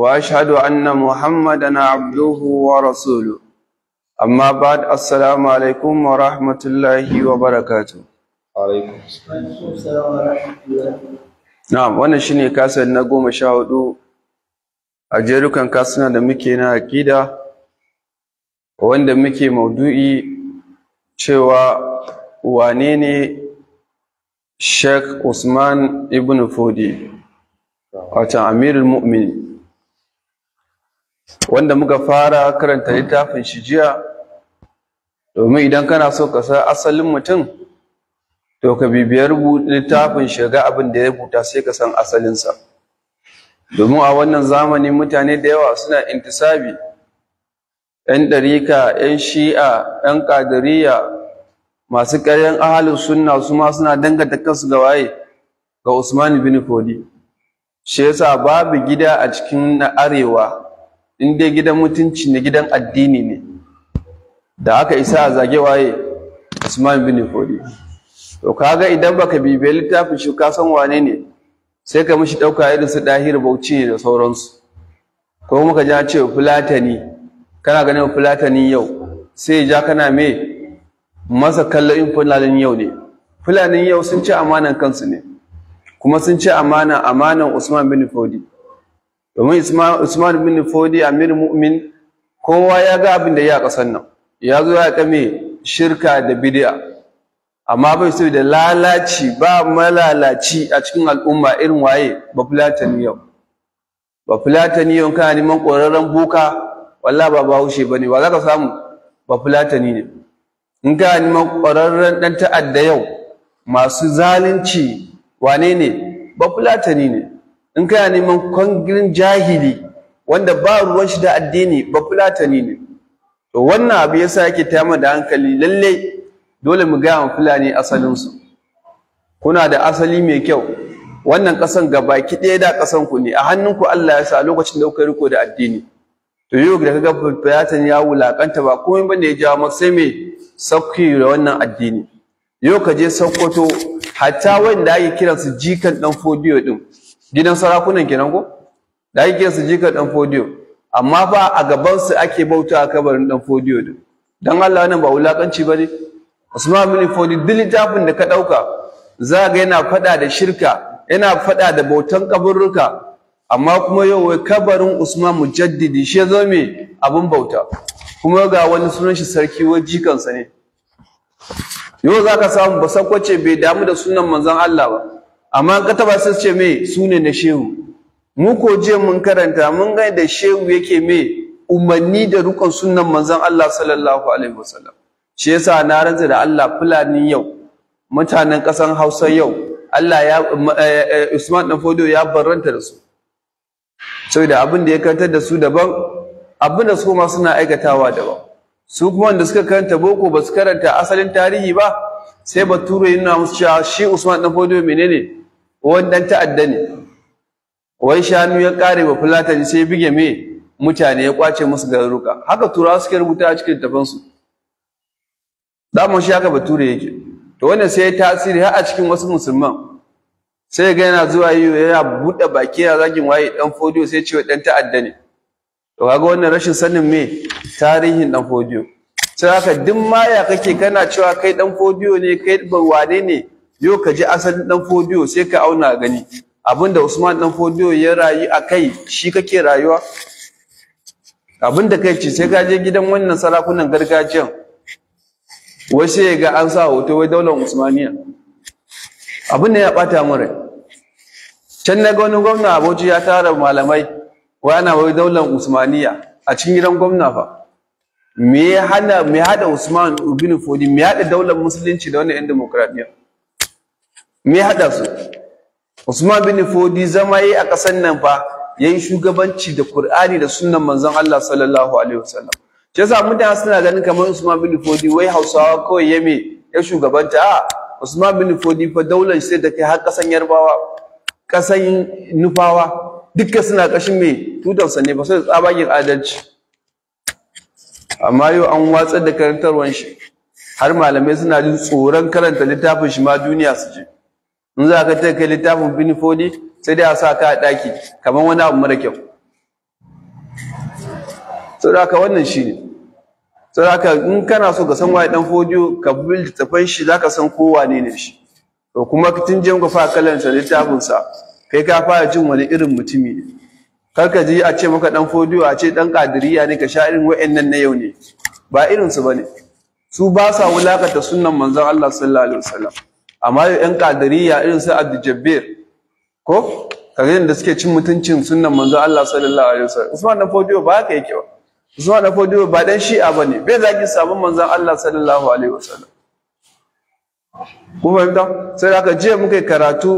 واشهد ان محمدا عبده ورسوله اما بعد السلام عليكم ورحمه الله وبركاته عليكم السلام ورحمه الله na'am wannan shine kasar na goma sha hudu a jerukan kasuna da muke na aƙida wanda muke maudu'i cewa wane ne Sheikh Usman ibn Fodi watan Amirul Mu'mini wanda muka fara karanta littafin shi jiya domin idan kana so ka san asalin mutum to ka bibiyar littafin shiga abin da ya buta sai ka san asalinsa domin a wannan zamani mutane da yawa suna intisabi 'yan ɗarika 'yan shi'a 'yan ƙadiriya masu ƙaryan ahalin suna su ma suna dangata kansu ga waye ga usman bin kodi shi yasa babu gida a cikin na arewa in dai gidan mutunci ne gidan addini ne da aka isa a zage waye Usman bin Fodi to kaga idan baka bibiye littafin shi ka san wane ne sai ka mishi dauka irin su Dahir Bauchi ne da sauransu ko muka ja ce Fulatani kana ganin Fulatani yau sai ja kana me masa kallon in fulanin yau ne Fulanin yau sun ci amanan kansu ne kuma sun ci amana amanan Usman bin Fodi domin Usman bin Fodi Amir Mu'min kowa ya ga abin da ya kasan nan ya zo ya kame shirka da bidiya. amma bai so da lalaci ba malalaci a cikin al'umma irin waye ba filatani yau ba filatani yau kana neman ƙwararren boka walla ba ba bahaushe bane wa ka samu ba filatani ne in kana neman ƙwararren ɗan ta'adda yau masu zalunci wane ne ba filatani ne in kana neman kwangin jahili wanda ba ruwan shi da addini ba fulatani ne to wannan abu ya sa yake tayar da hankali lalle dole mu gaya wa fulani asalinsu kuna da asali mai kyau wannan ƙasan gabaki ɗaya da ƙasan ku ne a hannunku Allah ya sa a lokacin da kuka riko da addini to yau da kaga fulatani ya wulakanta ba komai bane ya jawo maka sai me sauki da wannan addini yau ka je Sokoto hatta wanda ake kiransu jikan dan fodiyo din gidan sarakunan kenan ko da ake su jika dan fodiyo amma fa a gaban su ake bauta a kabarin dan fodiyo din dan Allah wannan ba wulakanci bane Usman bin Fodi duk littafin da ka dauka za ga yana fada da shirka yana fada da bautan kaburruka amma kuma yau wai kabarin Usman mujaddidi shi zo me abun bauta kuma ga wani sunan shi sarki wai ne yau za ka samu ba bai damu da sunan manzon Allah ba amma kataba sun ce me su ne na shehu mu ko je mun karanta mun ga da shehu yake mai umarni da rukun sunan manzon Allah sallallahu alaihi wasallam shi yasa na rantsa da Allah fulani yau mutanen kasan Hausa yau Allah ya eh, eh, Usman dan Fodo ya barranta da su saboda abin da ya karantar da su daban abin da su ma suna aikatawa daban su kuma wanda suka karanta boko ba su karanta asalin tarihi ba sai bature yana musu cewa shi Usman dan Fodo menene wannan ta'adda ne wai shanu ya kare wa fulatani sai bige me mutane ya kwace musu garuruka haka tura suke rubuta a cikin tafansu daman shi haka bature yake to wannan sai ya tasiri har a cikin wasu musulman sai ga yana zuwa yi yana buɗe baki yana zagin waye dan fodiyo sai ce dan ta'adda ne to kaga wannan rashin sanin me tarihin dan fodiyo sai haka duk maya kake kana cewa kai dan fodiyo ne kai wane ne yau ka je asalin dan fodiyo sai ka auna gani abinda Usman dan fodiyo ya rayu a kai shi kake rayuwa abinda kai ce sai ka je gidan wannan sarakunan gargajiyan wai sai ga an sa hoto wai daular Usmaniya abin da ya bata mu rai can na ga wani gwamna Abuja ya tara malamai wai ana wai daular Usmaniya a cikin gidan gwamna fa me ya haɗa hada Usman ibn Fodi me hada daular musulunci da wannan yan demokradiyya me haɗa su Usman bin Fodi zama yi a ƙasar nan fa yayi shugabanci da Kur'ani da sunnan manzon Allah sallallahu alaihi wasallam shi yasa mutane suna ganin kamar Usman bin Fodi wai Hausawa kawai ya ya shugabanta a Usman bin Fodi fa daular shi da kai har ƙasar Yarbawa ƙasar Nufawa dukkan suna ƙashin mai tutarsa ne ba sai tsabagen adalci amma yau an watsar da karantarwan shi har malamai suna jin tsoron karanta littafin shi ma duniya su je in za ka kai littafin binifoli sai dai a sa ka a ɗaki kamar wani abu mara kyau saboda ka wannan shi ne saboda ka, in kana so ka san waye dan fodiyo ka bi tafai shi zaka san ko wane ne shi to kuma tun jin ka fara kallon sa littafin sa kai ka fara jin wani irin mutumi ne kar ka ji a ce maka dan fodiyo a ce dan kadiriya ne ka sha irin wa'annan na yau ne ba irinsu su bane su ba sa wulakata sunnan manzon Allah sallallahu alaihi wasallam amma yan qadariyya irin su Abdul Jabbir ko kaga yadda suke cin mutuncin sunnan manzo Allah sallallahu alaihi wasallam Usman na Fodiyo ba ka yake ba Usman na Fodiyo ba dan shi'a bane bai zaki sabon manzon Allah sallallahu alaihi wasallam ko fahimta sai aka jiya muka yi karatu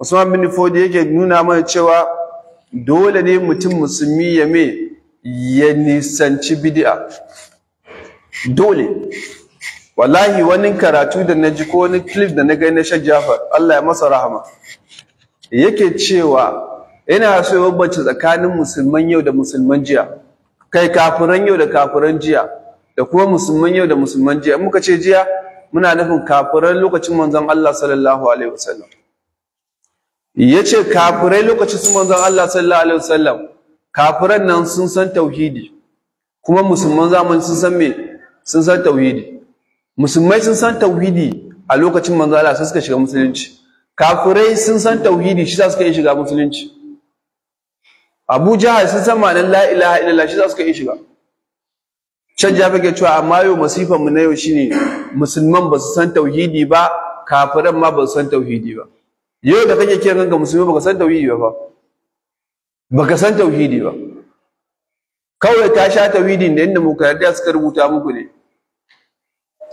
Usman bin fodi yake nuna mana cewa dole ne mutum musulmi ya me ya nisanci bid'a dole wallahi wani karatu da na ji ko wani clip da na gani na Sheikh Jafar Allah ya masa rahama yake cewa yana so ya bambance tsakanin musulman yau da musulman jiya kai kafiran yau da kafiran jiya da kuma musulman yau da musulman jiya muka ce jiya muna nufin kafiran lokacin manzon Allah sallallahu alaihi wasallam yace kafirai lokacin su manzon Allah sallallahu alaihi wasallam kafiran nan sun san tauhidi kuma musulman zamani sun san me sun san tauhidi musulmai sun san tauhidi a lokacin manzo Allah sai suka shiga musulunci kafirai sun san tauhidi shi za suka yi shiga musulunci Abu Jahal sun san ma'anar la ilaha illallah shi za suka yi shiga can ya fage cewa amma yau masifan mu na yau shine musulman ba su san tauhidi ba kafiran ma ba su san tauhidi ba yau da kake kiran ga musulmi ka san tauhidi ba Ba ka san tauhidi ba kawai ka sha tauhidi da inda mukarradiya suka rubuta muku ne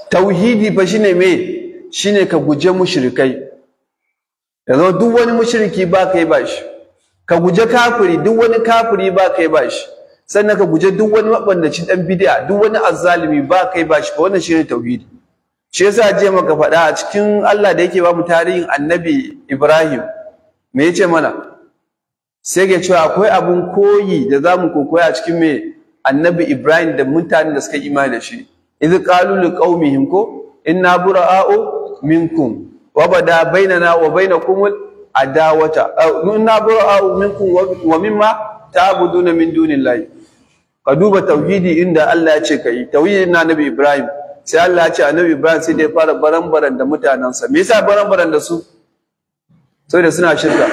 tauhidi fa shine me shine ka guje mushrikai yanzu duk wani mushriki ba kai ba shi ka guje kafiri duk wani kafiri ba kai ba shi sannan ka guje duk wani mabandacin dan bid'a duk wani azzalimi ba kai ba shi wannan shine tauhidi shi yasa je maka faɗa a cikin Allah da yake ba mu tarihin Annabi Ibrahim me yace mana sai ga cewa akwai abun koyi da zamu kokoya a cikin me Annabi Ibrahim da mutanen da suka imani da shi idh qalu liqaumihim ko inna bura'u minkum wa bada bainana wa bainakum adawata inna bura'u minkum wa mimma ta'buduna min dunillahi ka duba tauhidi inda Allah ya ce kai tauhidin na Nabi Ibrahim sai Allah ya ce Annabi Ibrahim sai dai fara baran-baran da mutanansa me yasa baran-baran da su saboda suna shirka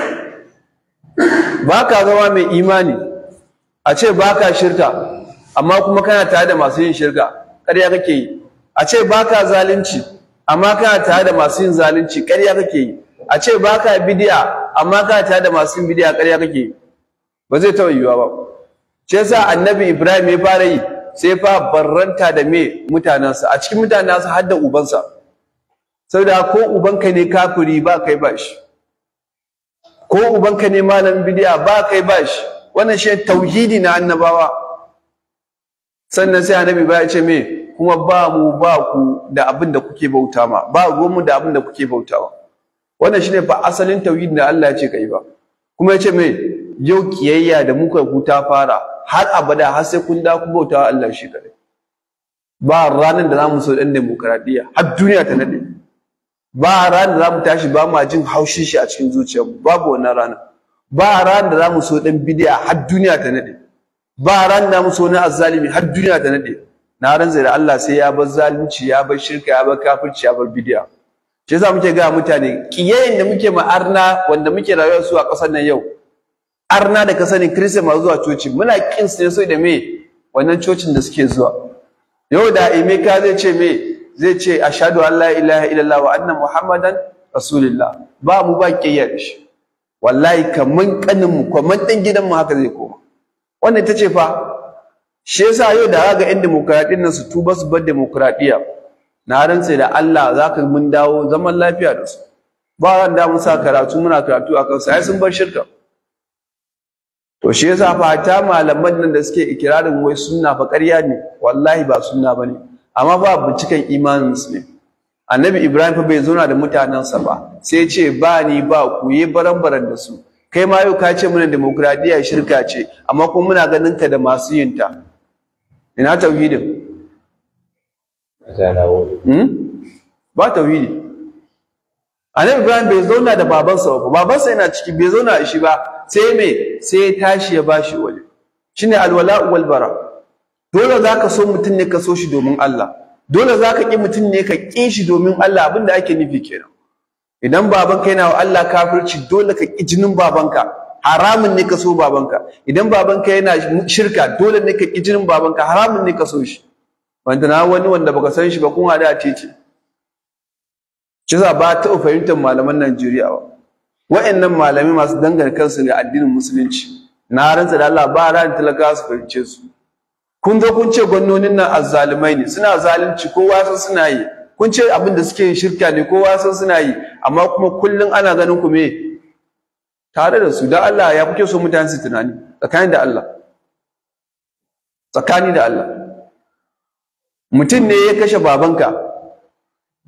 baka zama mai imani a ce baka shirka amma kuma kana tare da masu yin shirka ƙarya kake yi a ce baka zalunci amma kana tare da masu yin zalunci ƙarya kake yi a ce baka bidiya amma kana tare da masu yin bidiya ƙarya kake yi ba zai taɓa yiwuwa ba ce sa annabi Ibrahim ya fara yi sai fa barranta da me mutanensa a cikin mutanensa har da ubansa saboda ko ubanka ne kafiri ba kai ba shi ko ubanka ne malamin bidiya ba kai ba shi wannan shi tauhidi na annabawa sannan sai annabi ba ya ce me kuma ba mu ba ku da abin da kuke bauta ma ba mu da abin da kuke bauta ma wannan shine ba asalin tauhidin da Allah ya ce kai ba kuma ya ce me yau kiyayya da muka ku ta fara har abada har sai kun da ku bauta wa Allah shi kadai ba ranar da zamu so dan demokradiya har duniya ta nade ba ranar da zamu tashi ba ma jin haushin shi a cikin zuciya babu wannan rana ba ranar da zamu so dan bidiya har duniya ta nade ba ran na musu wani azzalimi har duniya ta nade na ran zai da Allah sai ya bar zalunci ya bar shirka ya bar kafirci ya bar bidiya. shi yasa muke ga mutane kiyayen da muke ma'arna wanda muke rayuwa su a ƙasar nan yau arna da ka sani kirista masu zuwa coci muna kin su ne so da me wannan cocin da suke zuwa yau da emeka zai ce me zai ce ashhadu an la ilaha illallah wa anna muhammadan rasulillah ba mu ba kiyaye shi wallahi kaman kanin mu kaman dan gidan mu haka zai koma wannan ita ce fa shi yasa yau da ga yan demokradiyyar nan su tuba su bar demokradiyya na rantse da Allah zaka mun dawo zaman lafiya da su ba ran da mun sa karatu muna karatu akan su ai sun bar shirka to shi yasa fa ta malaman nan da suke ikirarin wai sunna fa ƙarya ne wallahi ba sunna bane amma ba binciken imanin ne annabi ibrahim fa bai zauna da mutanensa ba sai ya ce ba ni ba ku yi baran-baran da su kai ma yau ka ce mana demokradiyya shirka ce amma kuma muna ganin ta da masu yin ta ina tauhidin hmm? ba tauhidi annabi ibrahim bai zauna da babansa ba babansa yana ciki bai zauna na shi ba sai me sai ya tashi ya bashi Shi shine alwala wal bara dole zaka so mutum ne ka so shi domin Allah dole zaka ki mutum ne ka kin shi domin Allah abinda ake nufi kenan idan babanka yana wa Allah kafirci dole ka ƙi jinin babanka haramun ne ka so babanka idan babanka yana shirka dole ne ka ƙi jinin babanka haramun ne ka so shi wanda na wani wanda baka san shi ba kun hada a titi ci za ba ta fahimtar malaman Najeriya ba wa'annan malami masu dangane kansu ne addinin musulunci na rantsa da Allah ba ran talaka su fahimce su kun zo kun ce gwannonin nan azzalumai ne suna zalunci kowa san suna yi kun ce abin da suke shirka ne kowa san suna yi amma kuma kullun ana ganin ku me tare da su da Allah ya kuke so mutane su tunani tsakani da Allah tsakani da Allah mutum ne ya kashe babanka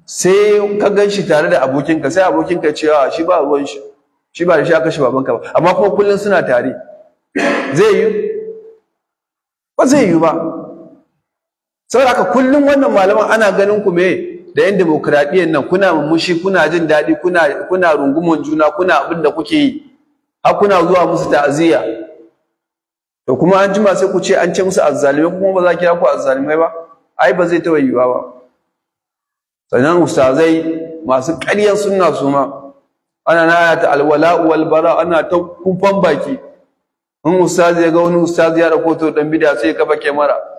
sai ka gan shi tare da abokinka sai abokinka cewa ah, shi ba ruwan shi shi ba da shi aka shi babanka ba amma kuma kullun suna tare zai yi ba zai yi ba saboda haka kullun wannan malaman ana ganin ku me da yan demokradiyyar nan kuna mummushi kuna jin daɗi kuna kuna runguman juna kuna abin da kuke yi har kuna zuwa musu ta'aziyya to kuma an jima sai ku ce an ce musu azzalimai kuma ba za kira ku azzalimai ba ai ba zai taɓa yiwuwa ba sannan ustazai masu ƙaryar sunna su ma ana nana ta alwala wal bara ana ta kumfan baki in ustazi ya ga wani ustazi ya rakoto dan bid'a sai ya kafa kyamara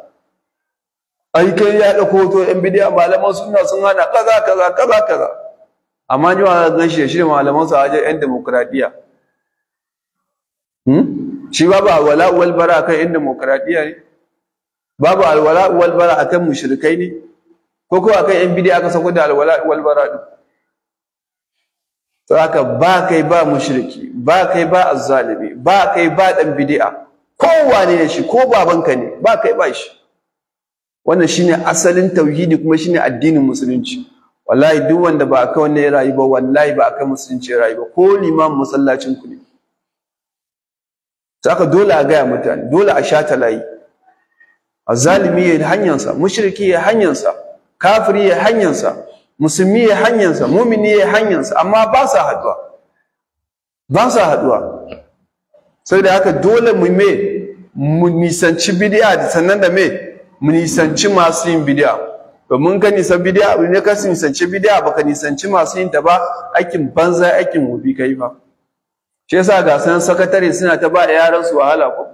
ai kai ya da koto yan bidiya malaman sunna sun hana kaza kaza kaza kaza amma ni ba gan shi shi malaman sa ajin yan demokradiya hmm shi babu alwala wal bara kai yan demokradiya ne babu alwala wal bara akan mushrikai ne ko ko akan yan bidiya aka sako da alwala wal bara din haka ba kai ba mushriki ba kai ba azzalimi ba kai ba dan bid'a Kowa ne shi ko babanka ne ba kai ba shi wannan shine asalin tauhidi kuma shine addinin musulunci wallahi duk wanda ba aka wannan ya rayu ba wallahi ba aka musulunci ya rayu ba ko liman masallacin ku ne saka dole a gaya mutane dole a sha talayi zalimi ya hanyarsa mushriki ya hanyarsa kafiri ya hanyarsa musulmi ya hanyarsa mumini ya hanyarsa amma ba sa haduwa ba sa haduwa sai da haka dole mu me mu nisanci bid'a sannan da me mu nisanci masu yin bidiya domin ka nisan bidiya ne ka nisanci bidiya baka nisanci masu yin ta ba aikin banza aikin ka kai ba shi yasa ga san sakatare suna ta ba yaran su wahala ko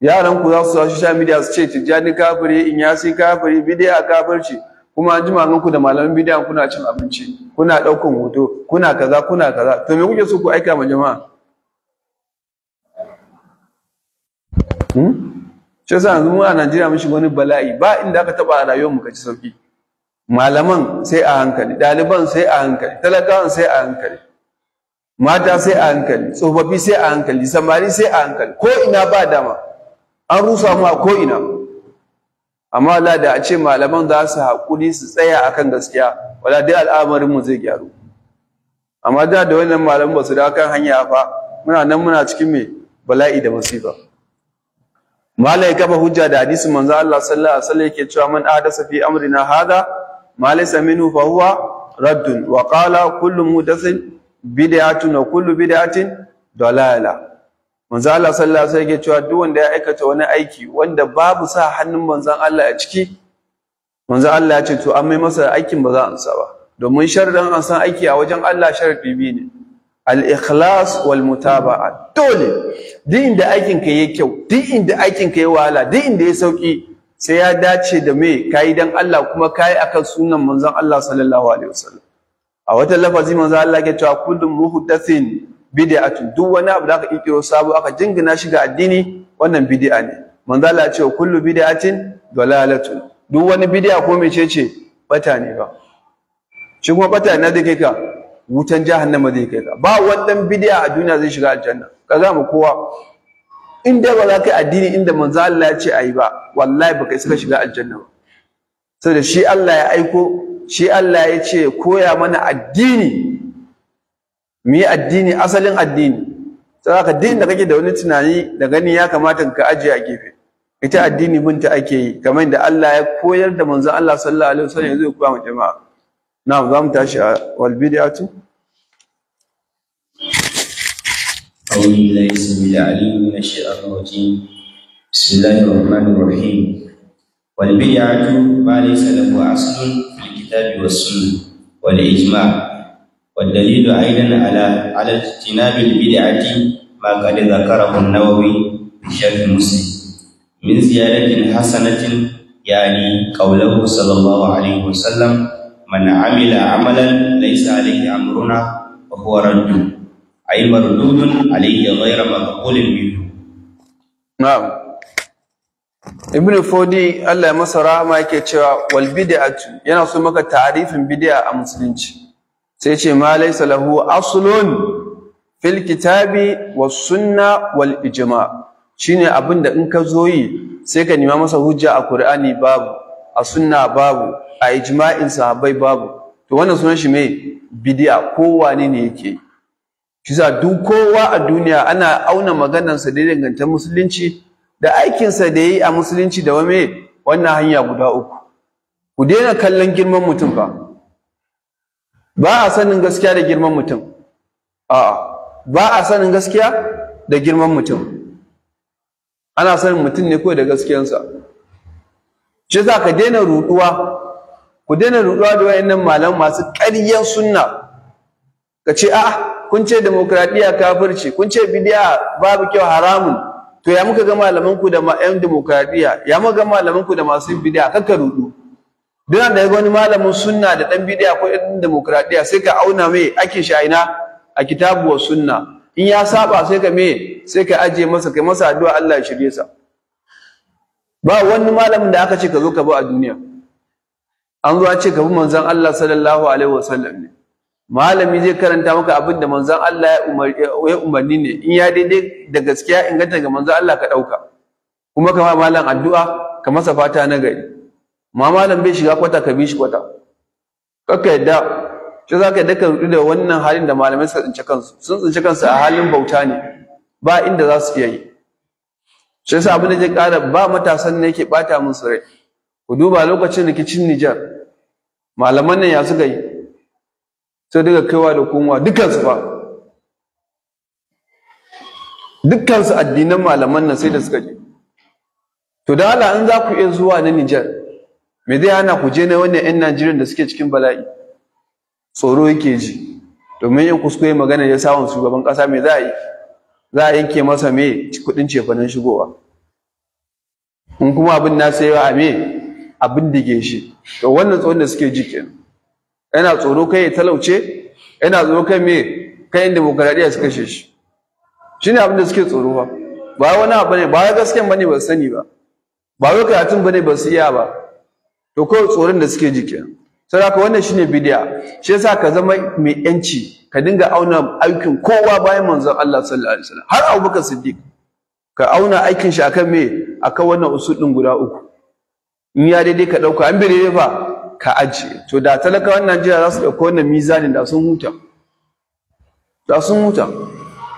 yaran ku za su sa social media su ce tijjani kafiri in yasi kafiri bidiya kafirci kuma an jima da malaman bidiya kuna cin abinci kuna ɗaukan hoto kuna kaza kuna kaza to me kuke so ku aika ma jama'a hmm? shi yasa yanzu mu a Najeriya mun wani bala'i ba inda aka taba a rayuwar mu ka ci sauki malaman sai a hankali ɗaliban sai a hankali talakawan sai a hankali mata sai a hankali tsofaffi sai a hankali samari sai a hankali ko ina ba dama an rusa mu a ko ina amma wala da a ce malaman za su haƙuri su tsaya akan gaskiya wala dai al'amarin zai gyaru amma da da wannan malaman ba su da kan hanya fa muna nan muna cikin me bala'i da masifa malai ya kafa hujja da hadisin manzo Allah sallallahu alaihi wasallam yake cewa man ahdasa fi amrina hadha ma laysa minhu fa huwa raddun wa qala kullu mudathin bid'atun wa kullu bid'atin dalala manzo Allah sallallahu alaihi wasallam yake cewa duk wanda ya aikata wani aiki wanda babu sa hannun manzon Allah a ciki manzo Allah ya ce to an mai masa aikin ba za a ansa ba domin sharadan an san aiki a wajen Allah sharadi biyu ne al-ikhlas wal mutaba'a dole duk inda aikin ka yayi kyau duk inda aikin ka wahala duk inda ya sauki sai ya dace da me yi don Allah kuma a akan sunan manzan Allah sallallahu alaihi wasallam a wata lafazi manzan Allah ke cewa kullu a bid'atun duk wani abu da aka kikiro sabo aka jingina shi ga addini wannan bid'a ne Manzan Allah ya ce kullu bid'atin dalalatun duk wani bid'a ko ce bata ne ba shi kuma bata na dake ka wutan jahannama zai kai ka ba wannan bid'a a duniya zai shiga aljanna ka ga mu kowa Inda dai ba za ka yi addini inda manzo Allah ya ce ayi ba wallahi baka isa ka shiga aljanna ba saboda shi Allah ya aiko shi Allah ya ce koya mana addini mu yi addini asalin addini saboda din da kake da wani tunani da gani ya kamata ka ajiye a gefe ita addini ta ake yi kamar da Allah ya koyar da manzo Allah sallallahu alaihi wasallam zai koya mu jama'a na za mu tashi a walbidiyatu أعوذ بالله السميع العليم من الشيطان الرجيم بسم الله الرحمن الرحيم والبدعة ما ليس له أصل في الكتاب والسنة والإجماع والدليل أيضا على على اجتناب البدعة ما قد ذكره النووي في شرح مسلم من زيادة حسنة يعني قوله صلى الله عليه وسلم man amila amalan laysa alayhi amruna wa huwa raddu ay mardudun alayhi ghayra maqbulin minhu na'am ibnu fodi Allah ya masa rahama yake cewa wal bid'atu yana so maka ta'arifin bid'a a musulunci sai ce ma laysa lahu aslun fil kitabi was sunna wal ijma shine abinda in ka zo yi sai ka nima masa hujja a qur'ani babu a sunna babu a ijma'in sahabbai babu to wannan sunan shi mai bidiya kowa ne yake shi sa duk kowa a duniya ana auna maganarsa da dangantar musulunci da aikinsa da yi a musulunci da wame wannan hanya guda uku ku daina kallon girman mutum fa ba a sanin gaskiya da girman mutum a'a ba a sanin gaskiya da girman mutum ana sanin mutum ne kawai da gaskiyansa shi za ka daina ruɗuwa ku daina ruɗuwa da wayannan malaman masu ƙaryan sunna ka ce a'a kun ce demokradiya kafirci kun ce bidiya babu kyau haramun to ya muka ga malaman ku da yan demokradiya ya muka ga malaman ku da masu bidiya kakka ruɗu duna da wani malamin sunna da dan bidiya ko ɗan demokradiya sai ka auna mai ake sha'ina a kitabu wa sunna in ya saba sai ka me sai ka aje masa kai masa addu'a Allah ya shirye sa ba wani malamin da aka ce ka zo ka ba a duniya an zo ce gaban manzon Allah sallallahu alaihi wasallam ne malami zai karanta maka abin da manzon Allah ya umarni ne in ya daidai da gaskiya inganta ga manzon Allah ka ɗauka. kuma kama malam addu'a ka masa fata na gari ma malam bai shiga kwata ka bi shi kwata kaka yadda shi za ka yadda ka rudu da wannan halin da malamai suka tsinci kansu sun tsinci kansu a halin bauta ne ba inda za su iya yi shi yasa abin da zai ƙara ba matasan ne yake ɓata musu rai ku duba lokacin rikicin Nijar malaman nan ya suka yi sai daga kaiwa da komowa dukansu ba dukansu addinan malaman nan sai da suka je to da Allah in za ku iya zuwa na Nijar me zai hana ku je na wannan 'yan Najeriya da suke cikin bala'i tsoro yake ji domin yin kuskure magana ya samun shugaban ƙasa me za a yi za a yanke masa me kuɗin cefanen shigowa in kuma abin na sayewa a me da ke shi to wannan tsoron da suke ji kenan yana tsoro kai ya talauce yana tsoro kai me kayan demokaradiyya suka kashe shi shine abin da suke tsoro ba ba wani abu ne ba gaskiyan bane ba sani ba ba wai karatun bane ba su iya ba to kawai tsoron da suke ji kenan saboda wannan shine bidiya shi yasa ka zama mai yanci ka dinga auna aikin kowa bayan manzon Allah sallallahu alaihi wasallam har Abubakar Siddiq ka auna aikin shi akan me akan wannan usul din guda uku in ya daidai ka ɗauka an bai daidai ba ka ajiye to da talakawan najeriya za su ɗauka wannan mizanin da sun huta da sun huta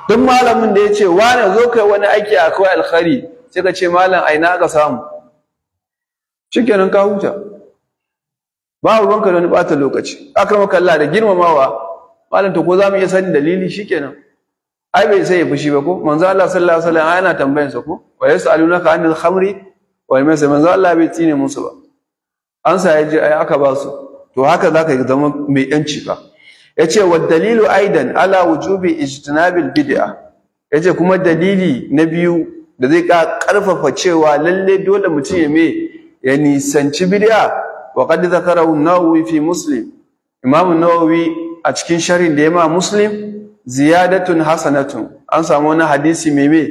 duk malamin da ya ce wane zo kai wani aiki a kawai alkhari sai ka ce malam ina aka samu shikenan ka huta ba ruwanka da wani ɓata lokaci aka maka Allah da girmamawa malam to ko za mu iya sani dalili shikenan ai bai sai ya fushi ba ko manzo Allah sallallahu alaihi wasallam yana tambayansa sa ko wa yasalunaka anil khamri wai mai sai manzo Allah bai tsine musu ba an sa yaji ai aka ba su to haka zaka zama mai yanci ba yace wa dalilu aidan ala wujubi ijtinabil bid'a yace kuma dalili na biyu da zai ka karfafa cewa lalle dole mutum ya me ya nisanci bid'a wa qad zakarahu an-nawawi fi muslim imam an-nawawi a cikin sharhin da ya ma muslim ziyadatun hasanatun an samu wani hadisi mai me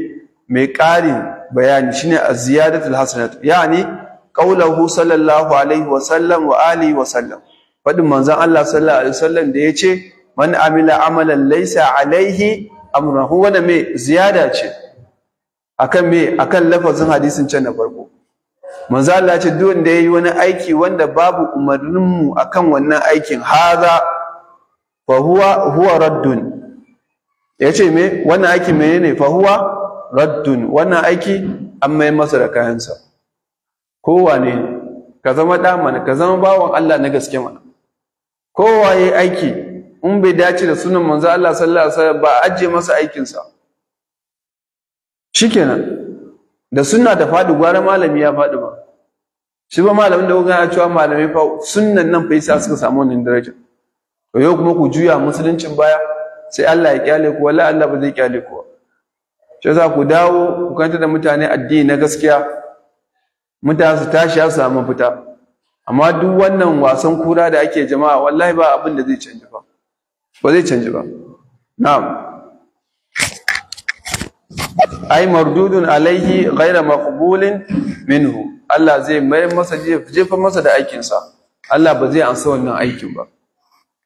mai ƙarin bayani shine az-ziyadatul hasanat yani qaulahu sallallahu alaihi wa sallam wa alihi wa sallam fadin manzon Allah sallallahu alaihi sallam da yace man amila amalan laysa alaihi amruhu wa me ziyada ce akan me akan lafazin hadisin can na farko manzon Allah ce duk wanda yayi wani aiki wanda babu umarnin mu akan wannan aikin haza fa huwa huwa raddun yace me wannan aikin menene fa huwa raddun wannan aiki an mai masa da kayansa kowane ka zama ɗa ka zama bawan Allah na gaske mana ya aiki in bai dace da sunan manzo Allah sallallahu alaihi wasallam ba ajiye masa aikinsa shikenan da sunna ta faɗi gwara malami ya faɗi ba shi ba malamin da kuka a cewa malami fa sunnan nan fa yasa suka samu wannan daraja to yau kuma ku juya musuluncin baya sai Allah ya kyale ku wallahi Allah ba zai kyale ku ba shi za ku dawo ku kanta da mutane addini na gaskiya mutane su tashi ya samu fita amma duk wannan wasan kura da ake jama'a wallahi ba abin da zai canji ba ba zai canji ba na'am ai mardudun alaihi ghaira maqbulin minhu Allah zai mai masa jefa masa da aikin sa Allah ba zai ansa wannan aikin ba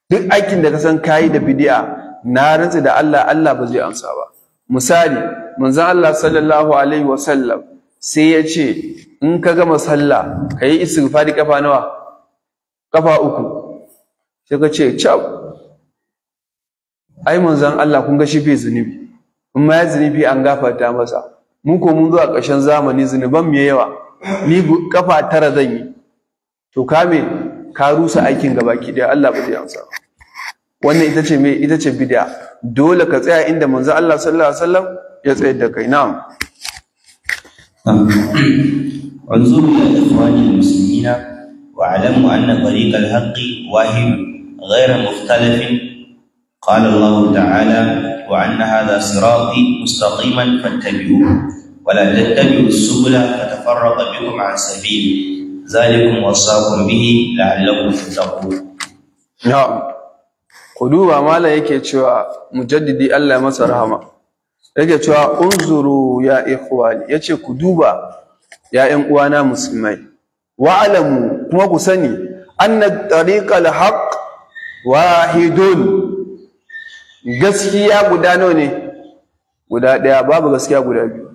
duk aikin da ka san kayi da bid'a na rantsi da Allah Allah ba zai ansa ba misali manzo Allah sallallahu alaihi wasallam sai ya ce in ka gama sallah ka yi istighfari kafa nawa kafa uku sai ka ce cap ai manzan Allah kun ga shi bai zunubi in ma ya zunubi an gafarta masa mu ko mun zuwa ƙarshen zamani zunuban mu yawa ni kafa tara zan yi to ka me ka rusa aikin gabaki ɗaya Allah ba zai amsa ba wannan ita ce bid'a dole ka tsaya inda manzo Allah sallallahu alaihi ya tsayar da kai na'am wanzu ya ikhwani muslimina wa alamu anna tariq al-haqq wahid ghayra mukhtalafin qala Allah ta'ala wa anna hadha sirati mustaqiman fattabi'uhu wa la tattabi'u subula fatafarraqa bikum an sabili zalikum wasaqu bihi la'allakum tattaqun na'am Kuduba mala yake cewa mujaddidi Allah masa rahama. Yake cewa unzuru ya ikhwani yace ku duba ya ƴan uwana musulmai. Wa alamu kuma ku sani anna tariqal haqq wahidun gaskiya guda nawa ne guda ɗaya babu gaskiya guda biyu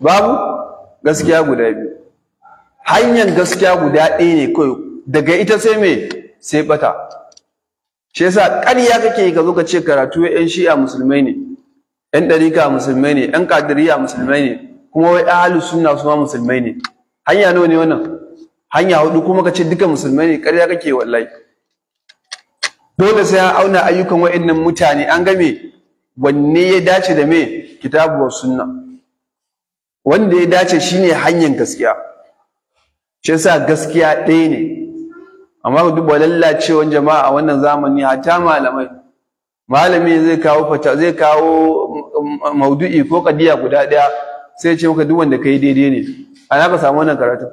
babu gaskiya guda biyu hanyar gaskiya guda ɗaya ne kawai daga ita sai me sai bata shi yasa ƙarya kake ka zo ka ce karatu yan shi'a musulmai ne yan ɗarika musulmai ne ƴan ƙadiriya musulmai ne kuma wai ahlu sunna su ma musulmai ne hanya nawa ne wannan hanya hudu kuma ka ce duka musulmai ne ƙarya kake wallahi dole sai an auna ayyukan wa'annan mutane an ga me wanne ya dace da me kitabu wa sunna wanda ya dace shine hanyar gaskiya shi gaskiya ɗaya ne amma ku duba lallacewar jama'a wannan zamani hatta malamai malami zai kawo fata zai kawo maudu'i ko kadiya guda daya sai ce maka duk wanda kai daidai ne ana ka samu wannan karatu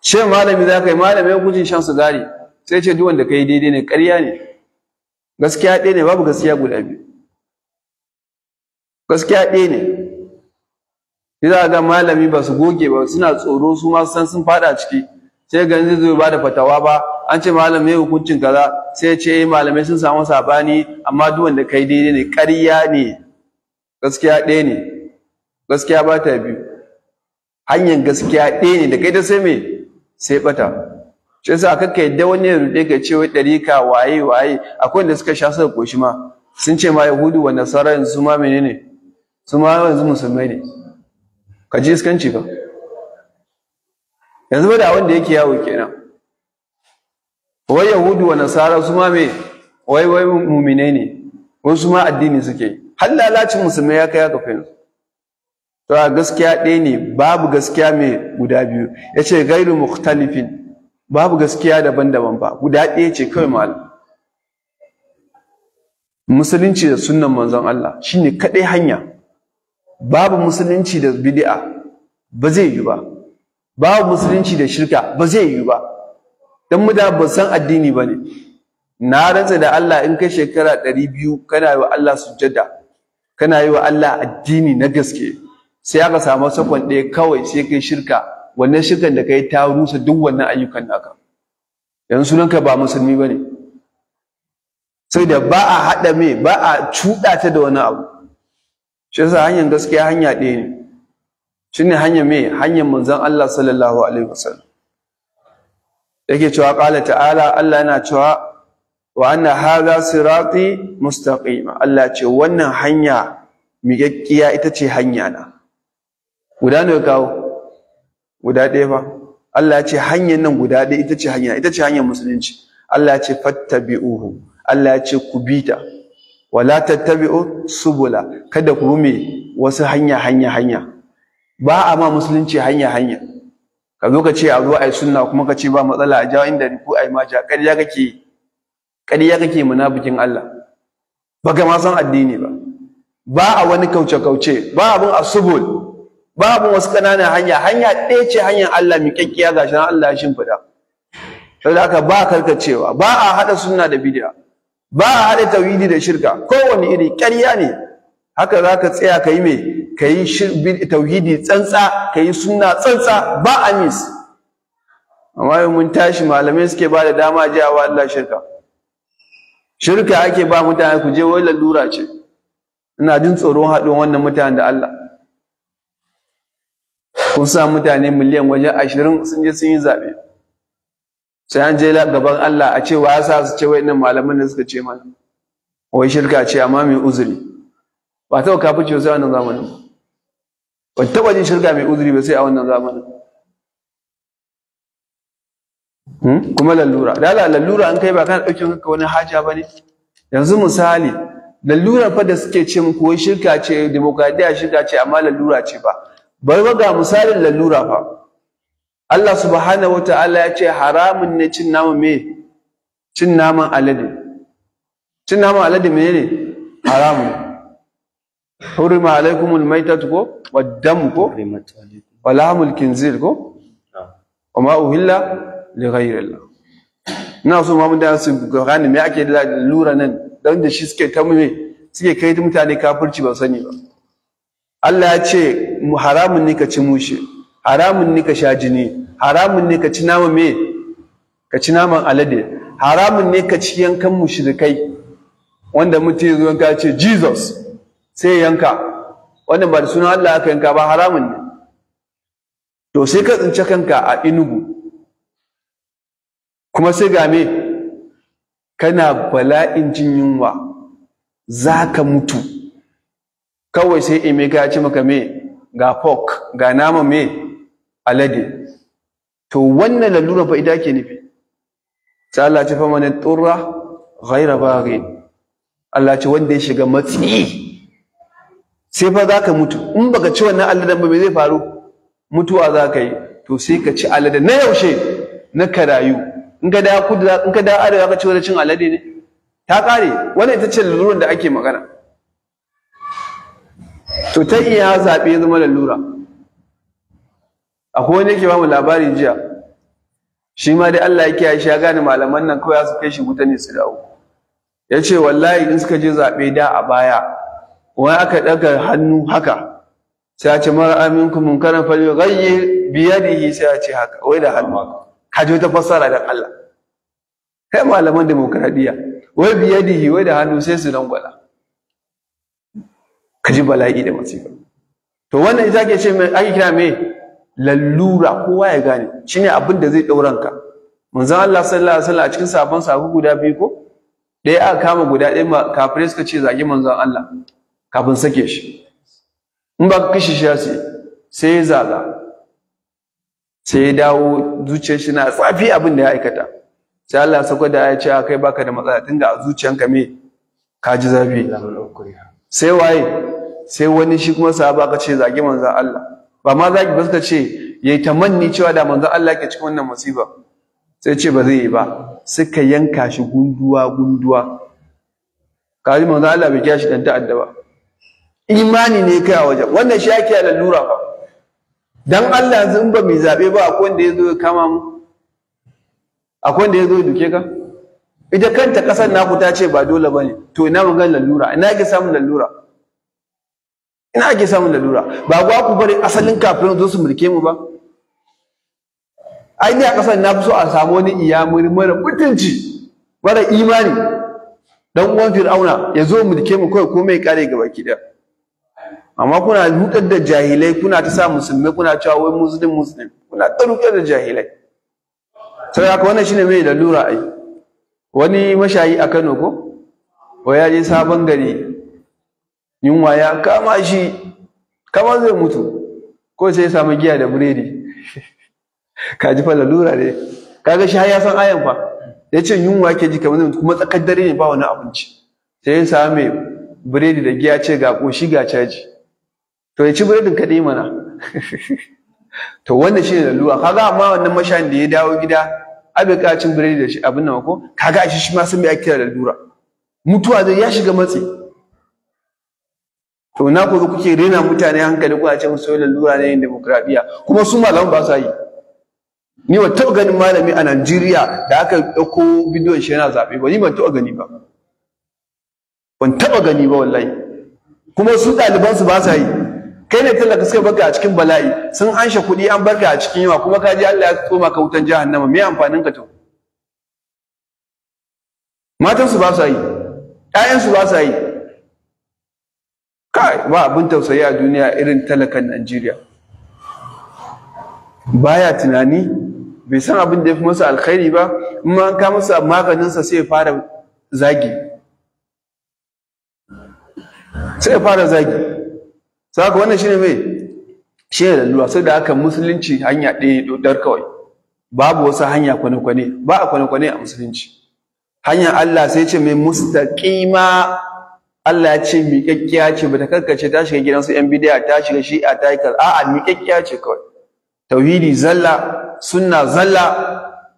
ce malami za ka yi malami ya gujin shan sigari sai ce duk wanda kai daidai ne ƙarya ne gaskiya ɗaya ne babu gaskiya guda biyu gaskiya ɗaya ne sai za ga malami ba su goge ba suna tsoro su ma san sun fada ciki sai ga zai zo ba da fatawa ba an ce malam mai hukuncin kaza sai ce eh, malamai sun samu sabani amma duk wanda kai daidai ne ƙarya ne gaskiya ɗaya ne gaskiya ba ta biyu hanyar gaskiya ɗaya ne da kai ta sai me sai bata shi yasa aka kai da wani rude ka ce wai ɗarika waye waye akwai wanda suka sha suka koshi ma sun ce ma yahudu wa nasara yanzu ma menene su ma yanzu musulmai ne ka ji iskanci ba yanzu da wanda yake yawo kenan wai yahudu wa nasara su ma me wai wai mumine ne wasu ma addini suke har lalacin musulmai ya kai haka fahimta to a gaskiya ɗaya ne babu gaskiya mai guda biyu ya ce gairu mukhtalifin babu gaskiya daban-daban ba guda ɗaya ce kawai mal musulunci da sunnan manzon Allah shine kaɗai hanya babu musulunci da bid'a ba zai yi ba babu musulunci da shirka ba zai yiwu ba dan muda ba san addini ba na rantsa da Allah in kai shekara ɗari biyu kana yi wa Allah sujjada kana yi wa Allah addini na gaske sai aka samu sakon ɗaya kawai sai kai shirka wannan shirkan da kai ta rusa duk wannan ayyukan naka yanzu sunanka ba musulmi ba ne sai da ba a haɗa me ba a cuɗa ta da wani abu shi yasa hanyar gaskiya hanya ɗaya ne shine hanyar me hanyar manzon Allah sallallahu alaihi wasallam yake cewa qala ta'ala Allah yana cewa wa anna hadha sirati mustaqima Allah ce wannan hanya miƙaƙƙiya ita ce hanya na guda ne kawo guda ɗaya ba Allah ce hanyar nan guda ɗaya ita ce hanya ita ce hanyar musulunci Allah ce fattabi'uhu Allah ce ku bi ta wala tattabi'u subula kada ku bi wasu hanya hanya hanya ba a ma musulunci hanya hanya ka zo ka ce a zo yi sunna kuma ka ce ba matsala a jawo inda ko ai maja ƙarya kake ƙarya kake munafikin Allah baka ma san addini ba ba a wani kauce kauce ba abun asubul ba abun wasu ƙananan hanya hanya ɗaya ce hanyar Allah mi ƙyaƙƙiya gashi nan Allah ya shimfida saboda haka ba karkacewa ba a hada sunna da bid'a ba a haɗa tauhidi da shirka kowane iri ƙarya ne haka zaka tsaya ka yi me ka yi tauhidi tsantsa ka yi suna tsantsa ba a mis amma yi mun tashi malamai suke ba da dama ji a Allah shirka shirka ake ba mutane ku je wai lura ce ina jin tsoron haɗin wannan mutane da Allah kun sa mutane miliyan wajen ashirin sun je sun yi zaɓe sai an je gaban Allah a cewa ya sa su ce wa'innan malaman da suka ce mana wai shirka ce amma mai uzuri ba ta ka fice wasu wannan zamanin Ban taɓa jin shirka mai uzuri ba sai a wannan zamanin hmm? kuma lallura da lallura an kai ba kana ɗauke kanka wani haja ba ne yanzu misali lallura fa da suke ce muku wai shirka ce demokradiyya shirka ce amma lallura ce ba bari ga misalin lallura fa Allah subhanahu ta'ala ya ce haramun ne cin naman me cin naman alade cin naman alade menene haramun hurima alaikum almaitatu ko waddam ko wa lahmul ko wa ma uhilla li ghayri Allah ina so ma mun da su gane me ake da lura nan dan da shi suke ta mume suke kai mutane kafirci ba sani ba Allah ya ce haramun ne ka ci mushi haramun ne ka sha jini haramun ne ka ci nama me ka ci naman alade haramun ne ka ci yankan mushrikai wanda mutum ya zo ce Jesus sai yanka wannan ba da suna Allah aka yanka ba haramun ne to sai ka tsince kanka a inugu kuma sai ga me kana bala'in jin yunwa za ka mutu kawai sai emeka ya ci maka me ga pork ga nama me alade to wannan lalura ba ida ke nufi sai Allah ci fa mana turra ghaira baghin Allah ce wanda ya shiga matsi sai fa za ka mutu in baka ci wannan aladen ba me zai faru mutuwa za ka yi to sai ka ci aladen na yaushe na karayu in ka da in ka da arewa ka ci wani cin alade ne ta kare wannan ita ce lalurar da ake magana to ta iya zaɓe zama lalura akwai wani yake ba mu labarin jiya shi ma dai Allah ya kiyaye shi ya gane malaman nan kawai su kai shi wuta ne su dawo ya ce wallahi in suka je zaɓe da a baya wai aka daga hannu haka sai a ce mara aminku mun fali ghayyi bi yadihi sai a ce haka wai da hannu ka ji ta fassara da Allah kai malaman demokradiya wai bi wai da hannu sai su dangwala ka ji bala'i da masifa to wannan ita ke ce mai ake kira mai lallura kowa ya gane shine abin da zai dauran ka manzon Allah sallallahu alaihi wasallam a cikin sabon sako guda biyu ko ɗaya aka kama guda ɗaya kafirai suka ce zagi manzon Allah kafin sake shi in ba ka kashe shi sai sai ya zaga sai ya dawo zuciyar shi na tsafi abin da ya aikata sai Allah sako da ya ce kai baka da matsala tunda a zuciyanka me ka ji zafi sai waye sai wani shi kuma sahaba ka ce zagi manzo Allah ba ma zagi ba suka ce yayi tamanni cewa da manzo Allah ke cikin wannan musiba sai ce ba zai yi ba suka yanka shi gunduwa gunduwa kaji manzo Allah bai kiyashi dan ta'adda ba imani ne kai a wajen wannan shi ake lalura ba dan Allah yanzu in ba mai zabe ba akwai wanda ya zo ya kama mu akwai wanda ya zo ya duke ka ita kanta kasar naku ta ce ba dole bane to ina magana lalura ina ake samun lalura ina ake samun lalura ba gwa ku bari asalin kafin zo su mulke mu ba ai ne a kasar na fi so a samu wani iyamuri mara mutunci mara imani dan uwan fir'auna ya zo mulke mu kawai komai kare gaba ki daya amma kuna hudar da jahilai kuna ta sa musulmai kuna cewa wai muslim muslim kuna ta rukar da jahilai sai haka wannan shine mai lura ai wani mashayi a Kano ko wai ya je sabon gari yunwa ya kama shi kama zai mutu ko sai ya samu giya da buredi ka ji fa lura ne kaga shi har ya san ayan fa ya ce yunwa ke ji kamar kuma tsakar dare ne ba wani abinci sai ya samu buredi da giya ce ga koshi ga caji to ya ci biredin kaɗai mana to wannan shi ne lalluwa kaga amma wannan mashayin da ya dawo gida abin ka cin biredi da shi abin nan ko kaga ga shi ma sun bai akira da lura mutuwa zai ya shiga matsi to na ku kuke rena mutane hankali kuna ce musu lura ne yin demokradiya kuma su malaman ba sa yi ni ban taɓa ganin malami a Najeriya da aka ɗauko bidiyon shi yana zaɓe ba ni ban taɓa gani ba ban taɓa gani ba wallahi kuma su su ba sa yi kai ne talaka suka barka a cikin bala'i sun ansha kuɗi an barka a cikin yawa kuma ka ji Allah ya tsoma ka wutan jahannama me amfanin ka to matan su ba su yi ƴaƴan su ba su yi kai ba abin tausayi a duniya irin talakan Najeriya baya tunani bai san abin da ya fi masa alkhairi ba in ma an ka masa maganin sai ya fara zagi sai ya fara zagi saka wannan shine mai shine lalluwa sai da aka musulunci hanya ɗaya dar kawai babu wasu hanya kwane-kwane ba a kwane-kwane a musulunci hanyar Allah sai ce mai mustaƙima Allah ya ce miƙaƙƙiya ce ba ta karkace ta shiga gidansu yan bidiya ta shiga shi'a ta yi a'a miƙaƙƙiya ce kawai tauhidi zalla sunna zalla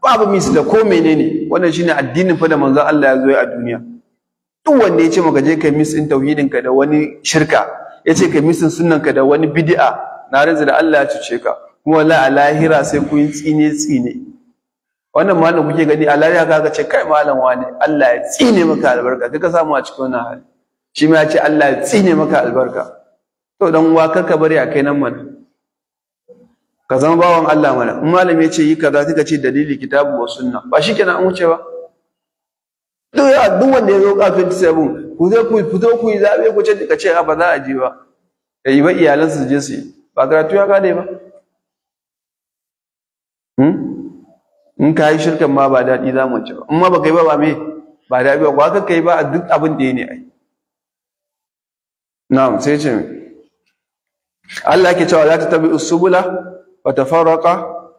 babu misi da ko menene wannan shine addinin fa da manzon Allah ya zo a duniya duk wanda ya ce maka je kai mis ɗin tauhidin ka da wani shirka ya ce kai misin sunanka da wani bidi'a na rinzi da Allah ya cuce ka kuma la a lahira sai kun tsine tsine wannan malam kuke gani a lahira ka ce kai malam wani Allah ya tsine maka albarka ka samu a cikin wannan hali shi ma ya ce Allah ya tsine maka albarka to dan uwa kar ka bari a kai nan mana ka zama bawan Allah mana in malam ya ce yi kaza kika ce dalili kitabu wa sunna ba shikenan an wuce ba duk wanda ya zo ka 27 ku zai ku fito ku yi zaɓe ku ce ka ce a ba za a je ba ka yi ba iyalansu su je su yi ba karatu ya gane ba hmm? in ka yi shirkan ma ba daɗi za mu ci ba in ma ba kai ba ba me ba daɗi ba ko haka kai ba a duk abin da ya ne ai na'am sai ce Allah ke cewa ta tatabi'u subula wa faraka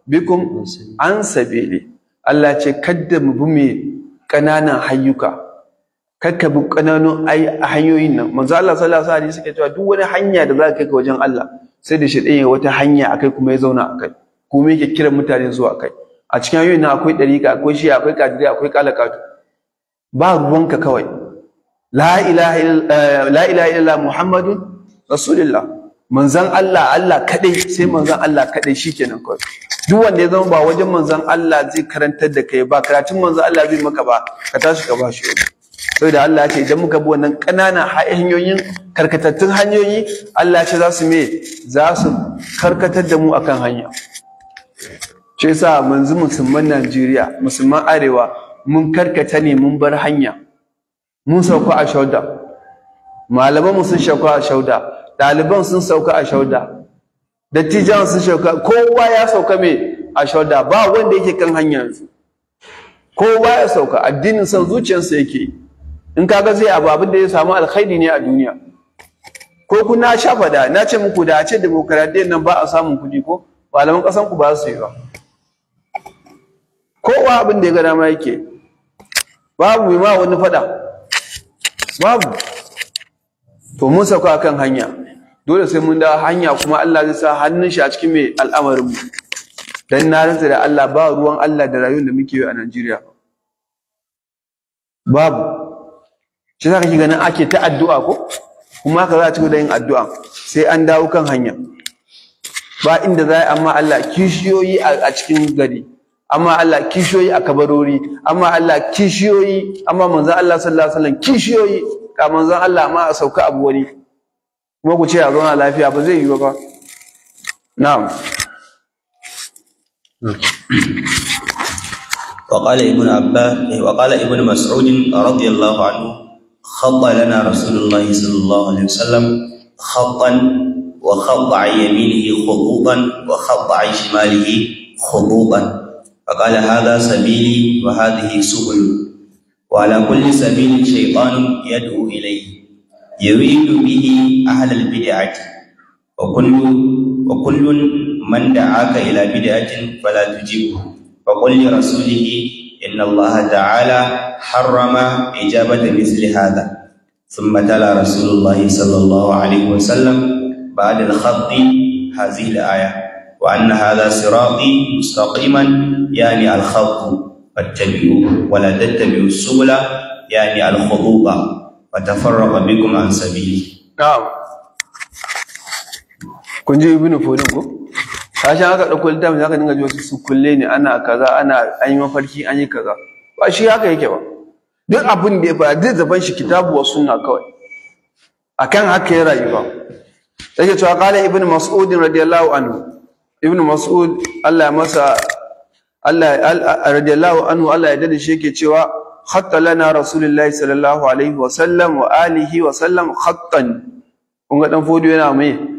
bikum an sabili Allah ce kadda mu bi mai ƙananan hayyuka kakka bi ƙananun hanyoyin nan manzo Allah sallallahu alaihi wasallam suke cewa duk wani hanya da za ka kai wajen Allah sai da shi ya wata hanya akai kuma ya zauna akai kuma yake kiran mutane zuwa kai. a cikin hanyoyin nan akwai dariƙa akwai shiya akwai kadiri akwai kalakatu ba ruwanka kawai la ilaha eh, la ilaha illallah muhammadun rasulullah manzon Allah Allah kadai sai manzon Allah kadai shikenan kawai duk wanda ya zama ba wajen manzon Allah zai karantar da kai ba karatun manzon Allah zai maka ba ka tashi ka ba shi saboda Allah ce idan muka bi wannan ƙananan hanyoyin karkatattun hanyoyi Allah ce za su me za su karkatar da mu akan hanya ce sa manzu musulman Najeriya musulman arewa mun karkata ne mun bar hanya mun sauka a shauda malaman mu sun sauka a shauda ɗaliban sun sauka a shauda dattijan sun sauka kowa ya sauka me a shauda ba wanda yake kan hanya yanzu kowa ya sauka addinin san zuciyarsa yake yi in ka ga zai abu abin da ya samu alkhairi ne a duniya ko ku na sha fada na ce muku da a ce demokaradiyyar nan ba a samun kuɗi ko malaman ƙasan ku ba su yi ba kowa abin da ya ga ma yake babu ma wani fada babu to mun sauka kan hanya dole sai mun da hanya kuma Allah zai sa hannun shi a cikin mai al'amarin mu dan na rantsa da Allah ba ruwan Allah da rayuwar da muke yi a Najeriya babu shi za ka ki ganin ake ta addu'a ko kuma haka za a ci da yin addu'a sai an dawo kan hanya ba inda za a amma Allah kishiyoyi a cikin gari amma Allah kishiyoyi a kabarori amma Allah kishiyoyi amma manzon Allah sallallahu alaihi wasallam kishiyoyi ka manzon Allah ma a sauka abu wani kuma ku ce a zauna lafiya ba zai yi ba na'am وقال ابن عباس وقال ابن مسعود رضي الله عنه خط لنا رسول الله صلى الله عليه وسلم خطا وخط عن يمينه خطوطا وخط عن شماله خطوطا فقال هذا سبيلي وهذه سبل وعلى كل سبيل شيطان يدعو إليه يريد به أهل البدعة وكل وكل من دعاك إلى بدعة فلا تجبه فقل لرسوله إن الله تعالى حرم إجابة مثل هذا ثم تلا رسول الله صلى الله عليه وسلم بعد الخط هذه الآية وأن هذا صراطي مستقيما يعني الخط فاتبعوه ولا تتبعوا السبل يعني الخطوط فتفرق بكم عن سبيله نعم كنت ابن فولنكو kashin haka ɗauko littafin za ka dinga ji wasu su kulle ne ana kaza ana an yi mafarki an yi kaza ba shi haka yake ba duk abin da ya faɗa duk zaban shi kitabu wa sunna kawai akan haka ya rayu ba yake cewa qala ibnu mas'ud radiyallahu anhu ibnu mas'ud Allah ya masa Allah radiyallahu anhu Allah ya dade shi yake cewa hatta lana rasulullahi sallallahu alaihi wa sallam wa alihi wa sallam khattan kun ga dan fodiyo yana mai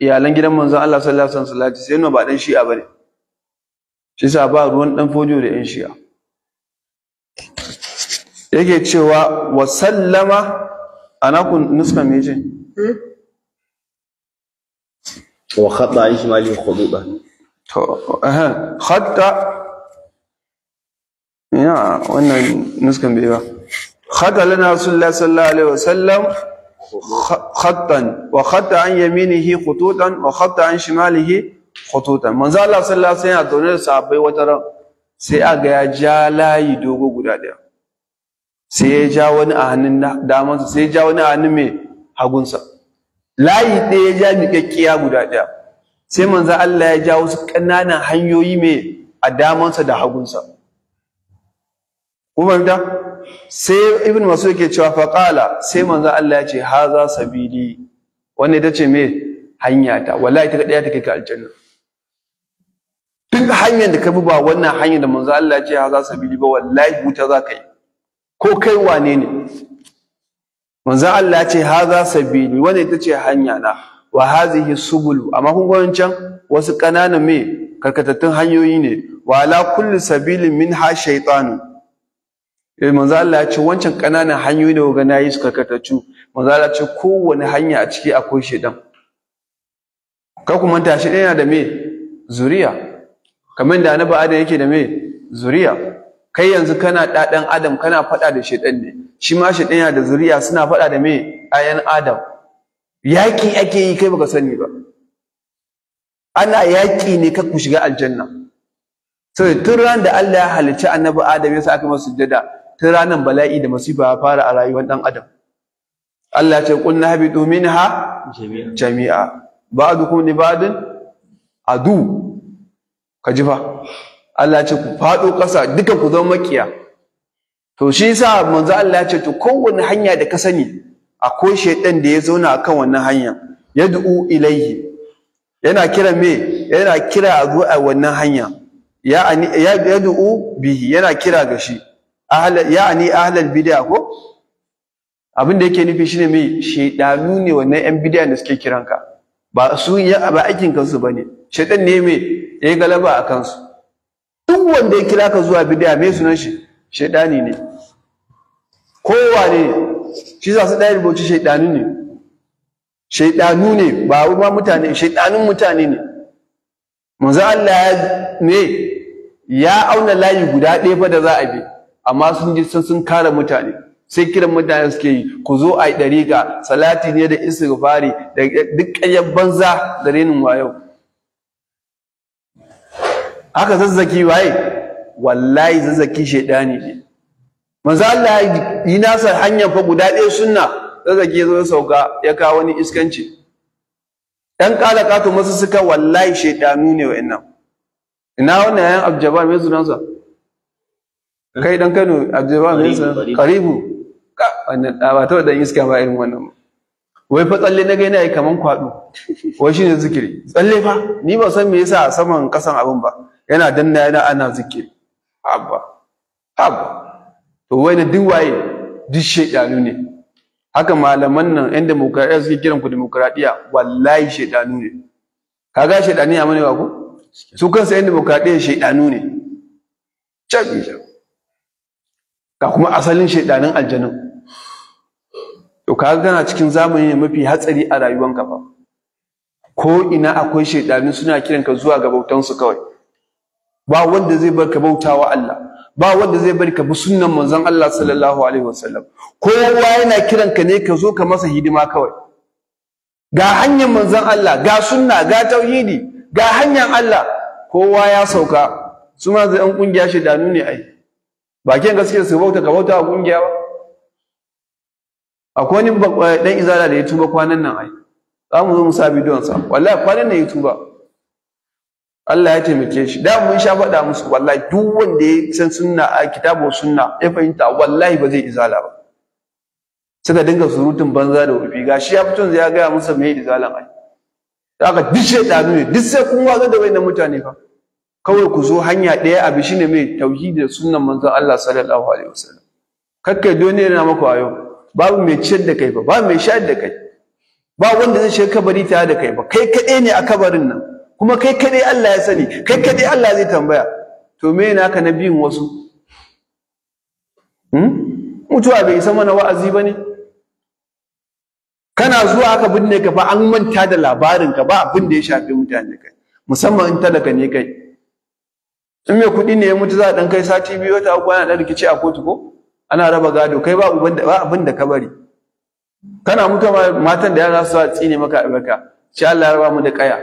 iyalan gidan manzon Allah sallallahu alaihi wasallam sai no ba dan shi'a bane shi sa ba ruwan dan fojo da yan shi'a yake cewa wa sallama ana kun nuska me ce hmm? wa khata mali khududa to eh khata ya wannan nuskan bai ba khata lana sallallahu alaihi wasallam khattan wa khatta an yaminihi khututan wa an shimalihi khututan manzo Allah sallallahu alaihi wasallam zaune da sahabbai wata ran sai ya ja layi dogo guda daya sai ya ja wani a hannun damansa sai ya ja wani a hannun mai hagunsa layi ɗaya ya ja miƙaƙƙiya guda daya sai manzo Allah ya ja wasu ƙananan hanyoyi mai a damansa da hagunsa kuma sai ibn masu yake cewa faƙala sai manzan Allah ya ce haza sabili wanda ita ce mai hanya ta wallahi ta ɗaya ta kai ka aljanna duk hanyar da ka bi ba wannan hanyar da manzan Allah ya ce haza sabili ba wallahi buta za ka yi ko kai wane ne manzan Allah ya ce haza sabili wanda ita ce hanya na wa hazihi subulu amma kun gwanin can wasu ƙananan mai karkatattun hanyoyi ne wa ala kulli sabilin ha shaytanu Eh, manzo Allah ya ce wancan ƙananan hanyoyi da ga nayi su karkatacu manzo Allah ya ce kowanne hanya a ciki akwai shedan ka kuma manta shi yana da me zuriya kamar da annabi Adam yake da me zuriya kai yanzu kana dan Adam kana faɗa da shedan ne shi ma shedan yana da zuriya suna faɗa da me ayan Adam yaki ake yi kai baka sani ba ana yaki ne ka ku shiga aljanna sai tun ran da Allah ya halicci annabi Adam ya sa aka masa sujjada ta ranar bala'i da masifa ya fara a rayuwar ɗan adam Allah ce kun na qul domin ha jami'a Ba a a dun a du ka ji fa Allah ce ku faɗo ƙasa duka ku zama makiya to shi sa manzo Allah ya ce to kowanne hanya da ka sani akwai shaidan da ya zauna kan wannan hanya du'u ilayhi yana kira me yana kira a zuwa wannan hanya ya du'u bihi yana kira ga shi yani ahlal bid'a ko abin da yake nufi shine mai shedanu ne wannan yan bid'a da suke kiranka ba su ba aikin kansu bane shedan ne mai yayi galaba a kansu duk wanda ya kira ka zuwa bid'a mai sunan shi shedani ne kowa ne shi za su ɗaya rubuci shaidanu ne shaidanu ne ba ma mutane shaidanun mutane ne manzo Allah ya ne ya auna layi guda ɗaya fa da za a bi amma sun je sun kare mutane sai kiran mutane suke yi ku zo a yi ɗariƙa salati ne da istighfari da duk ƙaryar banza da renin wayo haka zazzaki waye wallahi zazzaki shaidani ne manzo Allah yi nasa hanyar fa guda ɗaya sunna zazzaki ya zo ya sauka ya kawo wani iskanci ɗan ƙala ƙato masu suka wallahi shaidanu ne wa'annan ina wannan yayin abjabar mai sunansa kai dan Kano Abdullahi bin Sa karibu ka wannan da ba ta iska ba irin wannan wai fa tsalle na ga yana yi kaman kwado wai shine zikiri tsalle fa ni ba san me yasa a saman kasan abin ba yana danna yana ana zikiri abba abba to wai na duk waye duk shedanu ne haka malaman nan yan demokradiya suke kiran ku demokradiya wallahi shedanu ne kaga shedani a mane ba ku su kansa yan demokradiya shedanu ne chabi chabi ga kuma asalin shaidanin aljanin to kaga kana cikin zamani ne mafi hatsari a rayuwanka fa ko ina akwai shaidanu suna kiranka zuwa ga bautansu kawai ba wanda zai barka bautawa Allah ba wanda zai barka ka bi sunnan manzon Allah sallallahu alaihi wasallam kowa yana kiranka ne ka zo ka masa hidima kawai ga hanyar manzon Allah ga sunna ga tauhidi ga hanyar Allah kowa ya sauka Suna zai an kungiya shaidanu ne ai ba kiyan gaske su bauta ka bauta a kungiya ba akwai wani dan izala da ya tuba kwanan nan ai za mu zo mu sa bidiyon sa wallahi kwanan nan ya tuba Allah ya taimake shi da mun sha faɗa musu wallahi duk wanda ya san sunna a kitabu sunna ya fahimta wallahi ba zai izala ba suka dinga surutun banza da wurfi gashi ya fito ya gaya musu mai izalan ai haka duk da ne duk sai kun wazo da wayannan mutane fa kawai ku zo hanya ɗaya abu shine mai tauhi da sunnan manzon Allah sallallahu alaihi wasallam kakkai duniya na a yau babu mai ciyar da kai ba babu mai shayar da kai ba wanda zai shiga kabari tare da kai ba kai kaɗai ne a kabarin nan kuma kai kaɗai Allah ya sani kai kaɗai Allah zai tambaya to me na ka na biyun wasu hmm? mutuwa bai isa mana wa'azi ba ne kana zuwa aka binne ka ba an manta da labarin ka ba abin da ya shafi mutane kai musamman in talaka ne kai in mai kuɗi ne ya mutu za a ɗan kai sati biyu wata uku ana ɗan rikici a kotu ko ana raba gado kai ba abin da ka bari kana mutuwa matan da yara su a tsine maka albarka shi Allah ya raba mu da kaya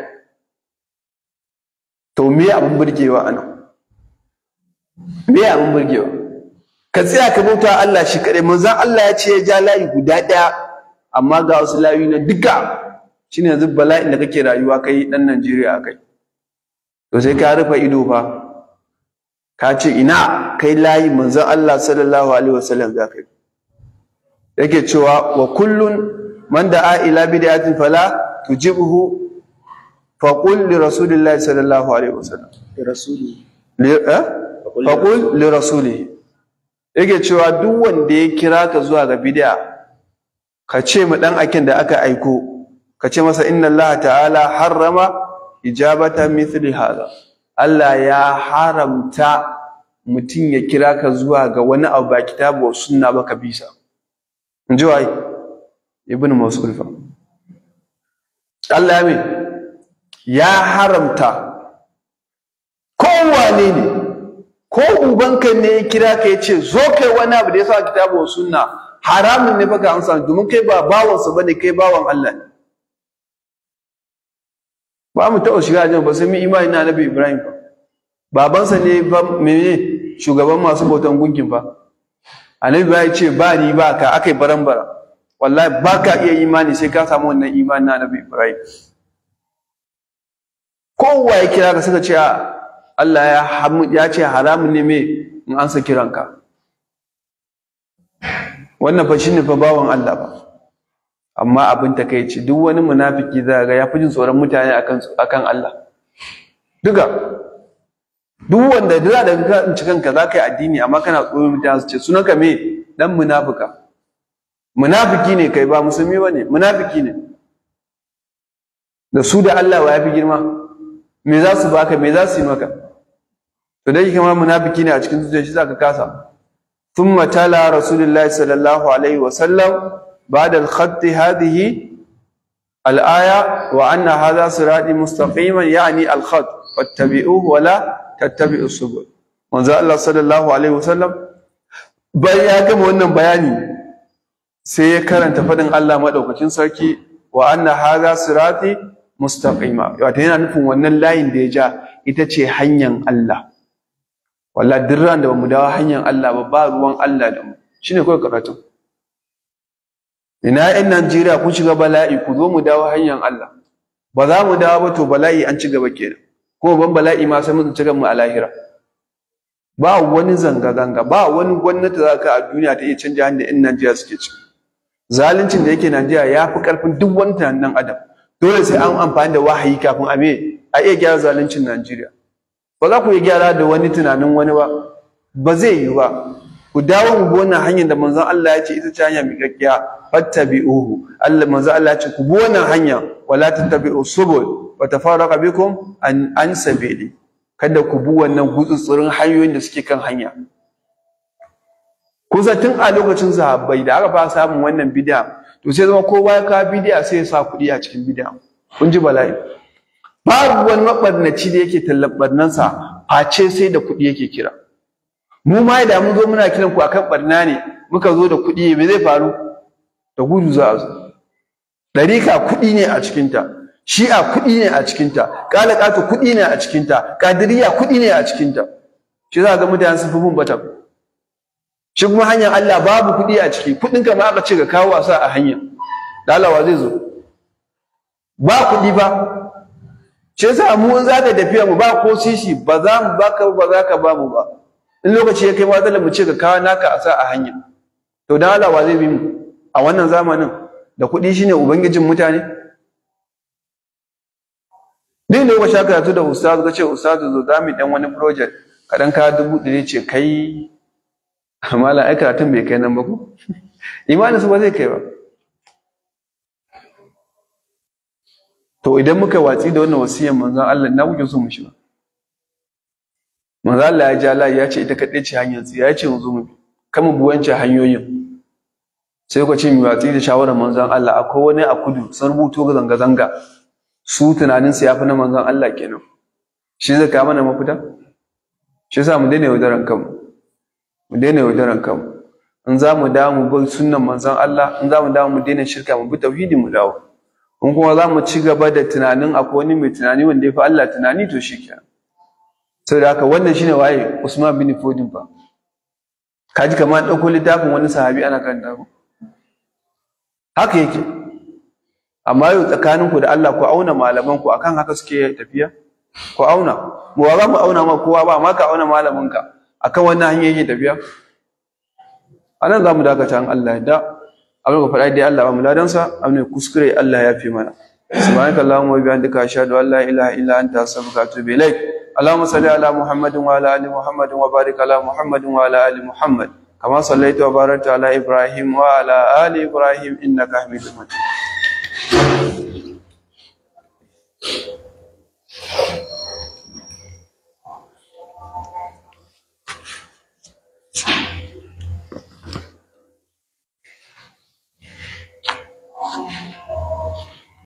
to me abin burgewa nan, me abin burgewa ka tsaya ka bauta Allah shi kadai manzan Allah ya ce ya ja layi guda ɗaya? amma ga wasu layi na duka shine yanzu bala'in da kake rayuwa kai dan Najeriya kai to sai ka rufe ido fa ka ce ina kai layi manzon Allah sallallahu alaihi wasallam za ka yi. yake cewa wa kullun man da'a ila bid'atin fala tujibuhu fa qul li rasulillahi sallallahu alaihi wasallam li rasuli li eh fa qul li rasuli yake cewa duk wanda ya kira ka zuwa ga bid'a ka ce mu dan akin da aka aiko ka ce masa inna Allah ta'ala harrama ijabata mithli hadha Allah ya haramta mutum ya kira ka zuwa ga wani abu ba kitabu wa sunna ba kabisa in ji waye ibn mas'ud fa Allah ya ya haramta kowane ne ko ubanka ne ya kira ka ya ce zo kai wani abu da ya sa kitabu wa sunna haramun ne baka ansa domin kai ba bawansa bane kai bawan Allah ne ba mu taɓa shiga aljanna ba sai mu imani na nabi ibrahim ba babansa ne ba mene shugaban masu bautan gungin ba annabi ba ce ba ni ba ka akai barambara wallahi ba ka iya imani sai ka samu wannan imani na nabi ibrahim kowa ya kira ka suka ce ah, Allah ya ce haramun ne me in an sa kiranka wannan fa ne fa bawan Allah ba amma abin takaici duk wani munafiki za ga yafi jin tsoron mutane akan Allah duka duk wanda da daga ka cikin ka za ka yi addini amma kana tsoron mutane su ce ka me dan munafika munafiki ne kai ba musulmi ba ne, munafiki ne da su da Allah wa ya fi girma me za su baka me za su yi maka to dai kuma munafiki ne a cikin zuciyar shi ka kasa تلا رسول الله صلى alaihi wa sallam بعد الخط هذه الآية وأن هذا صراطي مستقيما يعني الخط فاتبعوه ولا تتبعوا السبل manzo Allah sallallahu alaihi wasallam bayan ya gama wannan bayani sai ya karanta faɗin Allah madaukakin sarki wa anna hadha sirati mustaqima yana nufin wannan layin da ya ja ita ce hanyar Allah wallahi duk ran da bamu dawo hanyar Allah ba ba ruwan Allah da mu shine kawai karatun ina yan Najeriya kun shiga bala'i ku zo mu dawo hanyar Allah ba za mu dawo ba to bala'i an ci gaba kenan ko ban bala'i ma sai mun ci mu a lahira ba wani zanga zanga ba wani gwamnati za ka a duniya ta iya canja hanyar yan Najeriya suke ci. zaluncin da yake Najeriya ya fi karfin duk wani tunanin adam dole sai an amfani da wahayi kafin a me a iya gyara zaluncin Najeriya ba za ku iya gyara da wani tunanin wani ba ba zai yi ba ku dawo mu bi wannan hanyar da manzon Allah ya ce ita ce hanya miƙaƙƙiya fattabi'uhu Allah manzon Allah ya ce ku bi wannan hanya wala tattabi'u subul wa tafarraqa bikum an an sabili kada ku bi wannan gutsutsurin hanyoyin da suke kan hanya kusa tun a lokacin zahabai da aka fara samun wannan bid'a to sai zama kowa ya kawo bid'a sai ya sa kuɗi a cikin bid'a kun ji bala'i babu wani mabarnaci da yake tallan sa, face sai da kuɗi yake kira mu ma da mun zo muna kiran ku akan barna ne muka zo da kuɗi me zai faru da gudu za a zo ɗarika kuɗi ne a cikinta shi'a kuɗi ne a cikinta ƙalaƙatu kuɗi ne a cikinta ƙadiriya kuɗi ne a cikinta shi za ga mutane sun fi bin batan shi kuma hanyar Allah babu kuɗi a ciki kuɗin ka ma aka ce ka kawo wasa a hanya wa zai zo ba kuɗi ba shi yasa mu in za ka tafiya mu ba ko sisi ba za mu ka ba za ka ba mu ba in lokaci ya kai matsalar mu ce ka kawo naka a sa a hanya to dan Allah wa zai bi mu a wannan zamanin da kuɗi shine ubangijin mutane ni ne ka shaka tu da ustazu ka ce ustazu zo mu dan wani project ka dan ka dubu ɗari ce kai mala ai karatun bai kai nan ba ko imani su ba zai kai ba to idan muka watsi da wannan wasiyar manzon Allah na kuke so mu shiga? manzo Allah ya ja layi ya ce ita kaɗai ce hanyar tsira ya ce mu mu bi kan mu hanyoyin sai kuka ce mai watsi da shawarar manzon Allah akwai wani a kudu sun rubuto ga zanga zanga su tunanin su yafi na manzon Allah kenan shi zai kawo mana mafita shi yasa mu daina yaudaran kanmu mu daina yaudaran kanmu in za mu dawo mu bi sunnan manzon Allah in za mu dawo mu daina shirka mu bi tauhidi mu dawo in kuma za mu ci gaba da tunanin akwai wani mai tunani wanda ya fi Allah tunani to shi kenan saboda haka wannan shine waye Usman bin Fodin fa kaji kamar ɗauko littafin wani sahabi ana karanta ku haka yake amma yau tsakanin ku da Allah ku auna malaman ku akan haka suke tafiya ku auna mu wa mu auna ma kowa ba amma ka auna malamin ka akan wannan hanyar yake tafiya anan mu dakata an Allah ya da abin ka faɗa dai Allah ba mu ladan sa abin kuskure Allah ya fi mana subhanakallahumma wa bihamdika ashhadu an la ilaha illa anta astaghfiruka wa atubu ilaik اللهم صل على محمد وعلى ال محمد وبارك على محمد وعلى ال محمد كما صليت وباركت على ابراهيم وعلى ال ابراهيم انك حميد مجيد